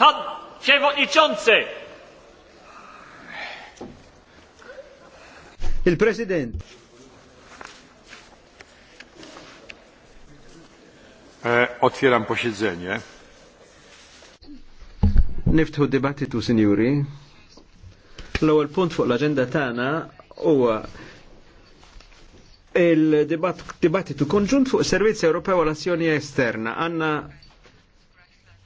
Pan Przewodniczący! Il-President. E, otwieram posiedzenie. Niftħu dibattitu, sinjuri. L-ewwel punt fuq l-aġenda tagħna huwa il-dibattitu konġunt fuq Servizz Ewropew għal Azzjoni Esterna. Għandna